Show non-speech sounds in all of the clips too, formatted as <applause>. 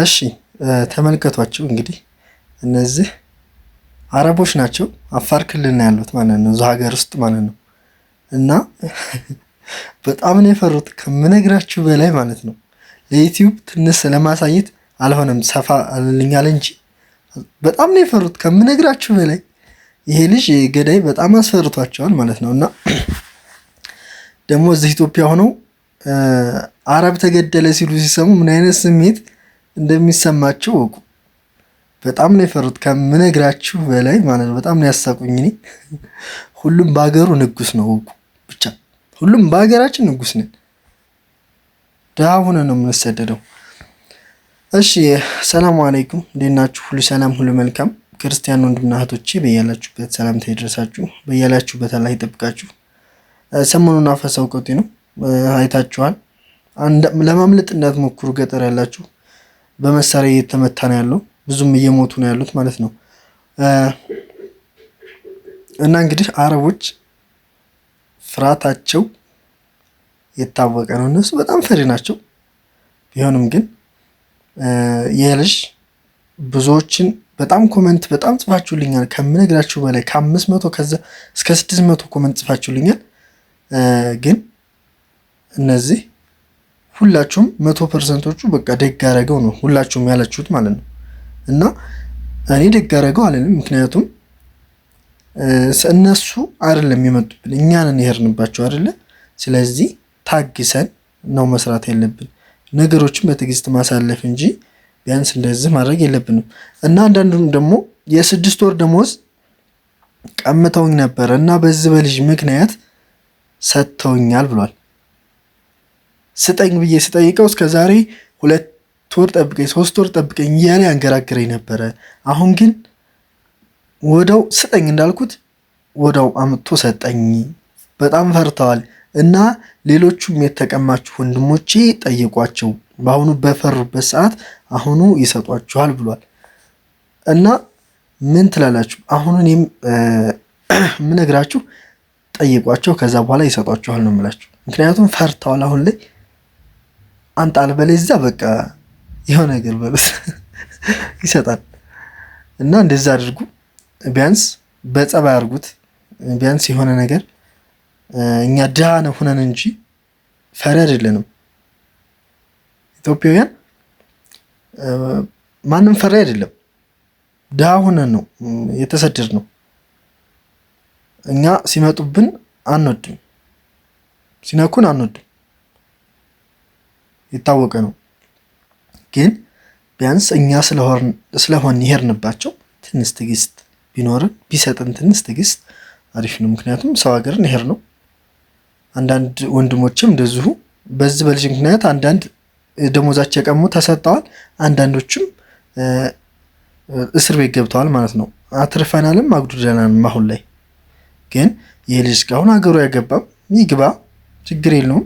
እሺ ተመልከቷቸው እንግዲህ እነዚህ አረቦች ናቸው። አፋር ክልል ነው ያሉት ማለት ነው፣ እዛ ሀገር ውስጥ ማለት ነው። እና <laughs> በጣም ነው የፈሩት ከምነግራችሁ በላይ ማለት ነው። ለዩቲዩብ ትንሽ ለማሳየት አልሆነም ሰፋ አልልኛል እንጂ በጣም ነው የፈሩት ከምነግራችሁ በላይ። ይሄ ልጅ ገዳይ በጣም አስፈርቷቸዋል ማለት ነው። እና <clears throat> ደግሞ እዚህ ኢትዮጵያ ሆነው አረብ ተገደለ ሲሉ ሲሰሙ ምን አይነት ስሜት እንደሚሰማችሁ እውቁ። በጣም ነው የፈሩት ከምነግራችሁ በላይ ማለት ነው። በጣም ነው ያሳቁኝ። እኔ ሁሉም በሀገሩ ንጉስ ነው እውቁ። ብቻ ሁሉም በሀገራችን ንጉስ ነን። ድሃ ሆነ ነው የምንሰደደው። እሺ ሰላም አለይኩም፣ እንዴት ናችሁ? ሁሉ ሰላም፣ ሁሉ መልካም። ክርስቲያን ወንድምና እህቶቼ በያላችሁበት ሰላምታ ይድረሳችሁ። በያላችሁበት አላህ ይጠብቃችሁ። ሰሞኑን አፈሳው ቀጤ ነው አይታችኋል። ለማምለጥ እንዳትሞክሩ ገጠር ያላችሁ በመሳሪያ እየተመታ ነው ያለው። ብዙም እየሞቱ ነው ያሉት ማለት ነው። እና እንግዲህ አረቦች ፍርሃታቸው የታወቀ ነው። እነሱ በጣም ፈሪ ናቸው። ቢሆንም ግን ይህ ልጅ ብዙዎችን በጣም ኮመንት በጣም ጽፋችሁልኛል ከምነግራችሁ በላይ ከአምስት መቶ ከዛ እስከ ስድስት መቶ ኮመንት ጽፋችሁልኛል ግን እነዚህ ሁላችሁም መቶ ፐርሰንቶቹ በቃ ደግ አረገው ነው ሁላችሁም ያላችሁት ማለት ነው። እና እኔ ደግ አረገው አለንም፣ ምክንያቱም እነሱ አይደለም የመጡብን እኛንን የሄድንባቸው አይደለ። ስለዚህ ታግሰን ነው መስራት ያለብን ነገሮችን በትዕግስት ማሳለፍ እንጂ ቢያንስ እንደዚህ ማድረግ የለብንም። እና አንዳንዱም ደግሞ የስድስት ወር ደሞዝ ቀምተውኝ ነበረ እና በዚህ በልጅ ምክንያት ሰጥተውኛል ብሏል። ስጠኝ ብዬ ስጠይቀው እስከ ዛሬ ሁለት ወር ጠብቀኝ፣ ሶስት ወር ጠብቀኝ እያለ ያንገራግረኝ ነበረ። አሁን ግን ወደው ስጠኝ እንዳልኩት ወደው አምጥቶ ሰጠኝ። በጣም ፈርተዋል እና ሌሎቹም የተቀማችሁ ወንድሞቼ ጠይቋቸው፣ በአሁኑ በፈሩበት ሰዓት አሁኑ ይሰጧችኋል ብሏል እና ምን ትላላችሁ? አሁኑ እኔም የምነግራችሁ <clears throat> ጠይቋቸው፣ ከዛ በኋላ ይሰጧችኋል ነው የምላችሁ። ምክንያቱም ፈርተዋል አሁን ላይ አንጣል በለዛ በቃ የሆነ ነገር በበስ <laughs> ይሰጣል። እና እንደዛ አድርጉ። ቢያንስ በጸባይ አድርጉት። ቢያንስ የሆነ ነገር እኛ ድሃ ነው ሁነን እንጂ ፈሪ አይደለንም። ኢትዮጵያውያን ማንም ፈሪ አይደለም። ድሃ ሁነን ነው የተሰደድ ነው። እኛ ሲመጡብን አንወድም፣ ሲነኩን አንወድም። የታወቀ ነው። ግን ቢያንስ እኛ ስለሆን ይሄርንባቸው ትንሽ ትግስት ቢኖርን ቢሰጥን ትንሽ ትግስት አሪፍ ነው። ምክንያቱም ሰው ሀገርን ይሄር ነው። አንዳንድ ወንድሞችም እንደዚሁ በዚህ በልጅ ምክንያት አንዳንድ ደሞዛቸው የቀሙ ተሰጠዋል። አንዳንዶችም እስር ቤት ገብተዋል ማለት ነው። አትርፈናልም አጉድለናልም። አሁን ላይ ግን ይህ ልጅ እስካሁን ሀገሩ አይገባም። ይግባ፣ ችግር የለውም።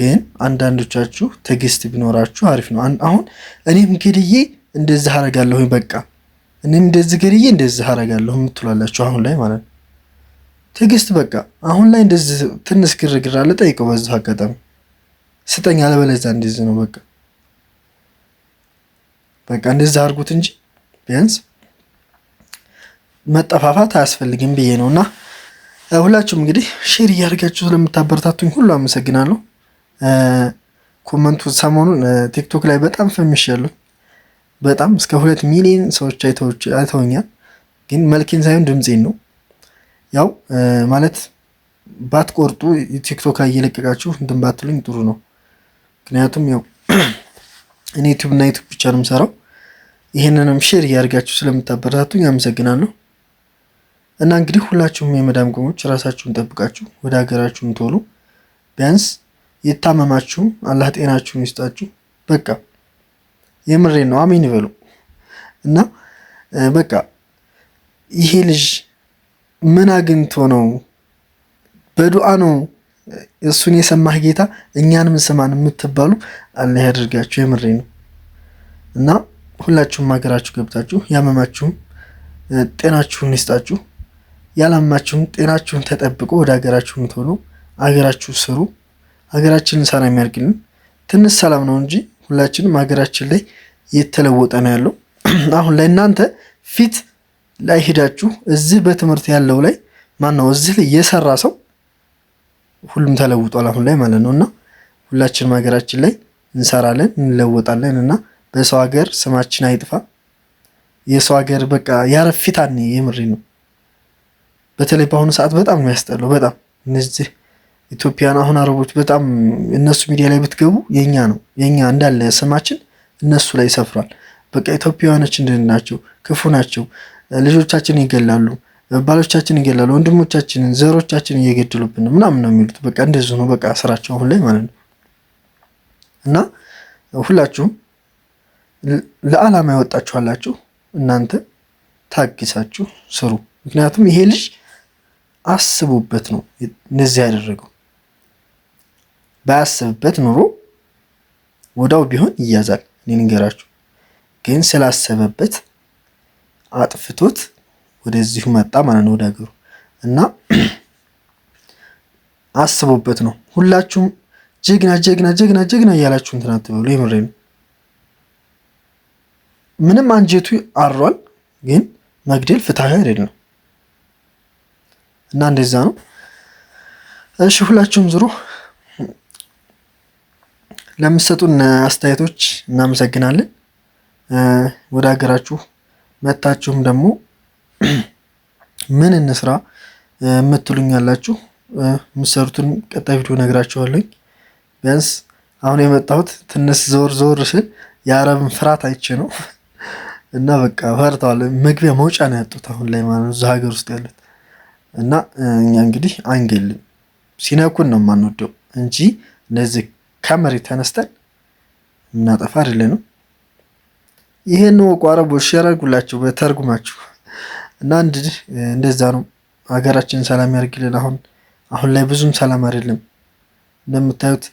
ግን አንዳንዶቻችሁ ትዕግስት ቢኖራችሁ አሪፍ ነው። አሁን እኔም ግድዬ እንደዚህ አረጋለሁ በቃ እኔም እንደዚህ ግድዬ እንደዚህ አረጋለሁ የምትላላችሁ አሁን ላይ ማለት ነው። ትዕግስት በቃ አሁን ላይ እንደዚህ ትንሽ ግርግር አለ፣ ጠይቀው በዚህ አጋጣሚ ስጠኝ፣ አለበለዚያ እንደዚህ ነው በቃ በቃ እንደዚህ አድርጉት እንጂ ቢያንስ መጠፋፋት አያስፈልግም ብዬ ነው እና ሁላችሁም እንግዲህ ሼር እያደርጋችሁ ስለምታበረታቱኝ ሁሉ አመሰግናለሁ። ኮመንቱ ሰሞኑን ቲክቶክ ላይ በጣም ያለው በጣም እስከ ሁለት ሚሊዮን ሰዎች አይተውኛል። ግን መልኬን ሳይሆን ድምፄን ነው። ያው ማለት ባትቆርጡ ቲክቶክ ላይ እየለቀቃችሁ እንትን ባትሉኝ ጥሩ ነው። ምክንያቱም ያው <clears throat> እኔ ዩቱብ እና ዩቱብ ብቻ ነው የምሰራው። ይህንንም ሼር እያደርጋችሁ ስለምታበረታቱኝ አመሰግናለሁ። እና እንግዲህ ሁላችሁም የመዳም ቆሞች ራሳችሁን ጠብቃችሁ ወደ ሀገራችሁን ቶሎ ቢያንስ የታመማችሁ አላህ ጤናችሁን ይስጣችሁ። በቃ የምሬ ነው። አሚን ይበሉ እና በቃ ይሄ ልጅ ምን አግኝቶ ነው? በዱዓ ነው እሱን የሰማህ ጌታ እኛንም ስማን የምትባሉ አላህ ያደርጋችሁ። የምሬ ነው እና ሁላችሁም ሀገራችሁ ገብታችሁ ያመማችሁም ጤናችሁን ይስጣችሁ፣ ያላማችሁም ጤናችሁን ተጠብቆ ወደ ሀገራችሁ የምትሆነው ሀገራችሁ ስሩ። ሀገራችንን ሳና የሚያርግልን ትንሽ ሰላም ነው እንጂ ሁላችንም ሀገራችን ላይ የተለወጠ ነው ያለው። <clears throat> አሁን ላይ እናንተ ፊት ላይ ሄዳችሁ እዚህ በትምህርት ያለው ላይ ማነው እዚህ ላይ የሰራ ሰው ሁሉም ተለውጧል አሁን ላይ ማለት ነው። እና ሁላችንም ሀገራችን ላይ እንሰራለን እንለወጣለን። እና በሰው ሀገር ስማችን አይጥፋ። የሰው ሀገር በቃ ያረፊታኔ የምሬ ነው። በተለይ በአሁኑ ሰዓት በጣም ነው በጣም እነዚህ ኢትዮጵያን አሁን አረቦች በጣም እነሱ ሚዲያ ላይ ብትገቡ የኛ ነው የኛ እንዳለ ስማችን እነሱ ላይ ይሰፍራል። በቃ ኢትዮጵያውያኖች እንድን ናቸው፣ ክፉ ናቸው፣ ልጆቻችን ይገላሉ፣ ባሎቻችን ይገላሉ፣ ወንድሞቻችንን፣ ዘሮቻችን እየገደሉብን ነው ምናምን ነው የሚሉት። በቃ እንደዚሁ ነው በቃ ስራቸው አሁን ላይ ማለት ነው። እና ሁላችሁም ለዓላማ ያወጣችኋላችሁ እናንተ ታግሳችሁ ስሩ። ምክንያቱም ይሄ ልጅ አስቡበት ነው እንደዚህ ያደረገው። ባያስብበት ኑሮ ወዳው ቢሆን ይያዛል። እኔ ግን ስላሰበበት አጥፍቶት ወደዚሁ መጣ ማለት ነው ወደ ሀገሩ እና <clears throat> አስቦበት ነው። ሁላችሁም ጀግና ጀግና ጀግና ጀግና እያላችሁ እንትን አትበሉ። የምሬ ነው። ምንም አንጀቱ አሯል፣ ግን መግደል ፍትሐዊ አይደለም እና እንደዛ ነው። እሺ ሁላችሁም ዝሩ። ለምትሰጡን አስተያየቶች እናመሰግናለን። ወደ ሀገራችሁ መታችሁም ደግሞ <clears throat> ምን እንስራ የምትሉኝ ያላችሁ የምትሰሩትን ቀጣይ ቪዲዮ ነግራችኋለኝ። ቢያንስ አሁን የመጣሁት ትንሽ ዞር ዞር ስል የአረብን ፍርሃት አይቼ ነው <laughs> እና በቃ ፈርተዋል። መግቢያ መውጫ ነው ያጡት አሁን ላይ ማለት ነው እዛ ሀገር ውስጥ ያሉት እና እኛ እንግዲህ አንገልም ሲነኩን ነው የማንወደው እንጂ እነዚህ ከመሬት ተነስተን የምናጠፋ አይደለንም። ይህን ወቁ አረቦች ሼር በተርጉማችሁ እና እንድ እንደዛ ነው። ሀገራችን ሰላም ያርግልን። አሁን አሁን ላይ ብዙም ሰላም አይደለም። እንደምታዩት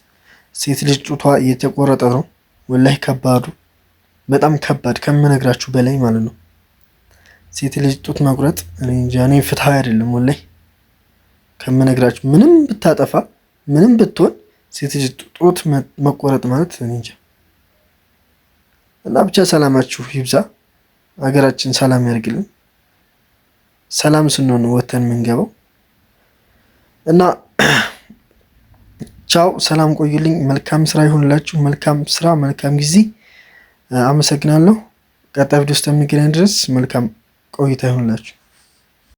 ሴት ልጅ ጡቷ እየተቆረጠ ነው። ወላይ ከባዱ በጣም ከባድ ከምነግራችሁ በላይ ማለት ነው። ሴት ልጅ ጡት መቁረጥ እኔ ፍትሃዊ አይደለም። ወላይ ከምነግራችሁ ምንም ብታጠፋ ምንም ብትሆን ሴት ልጅ ጡት መቆረጥ ማለት እንጃ። እና ብቻ ሰላማችሁ ይብዛ፣ ሀገራችን ሰላም ያርግልን። ሰላም ስንሆን ወተን የምንገባው እና <clears throat> ቻው፣ ሰላም ቆዩልኝ። መልካም ስራ ይሆንላችሁ። መልካም ስራ፣ መልካም ጊዜ። አመሰግናለሁ። ቀጣይ ቪዲዮ እስከምንገናኝ ድረስ መልካም ቆይታ ይሆንላችሁ።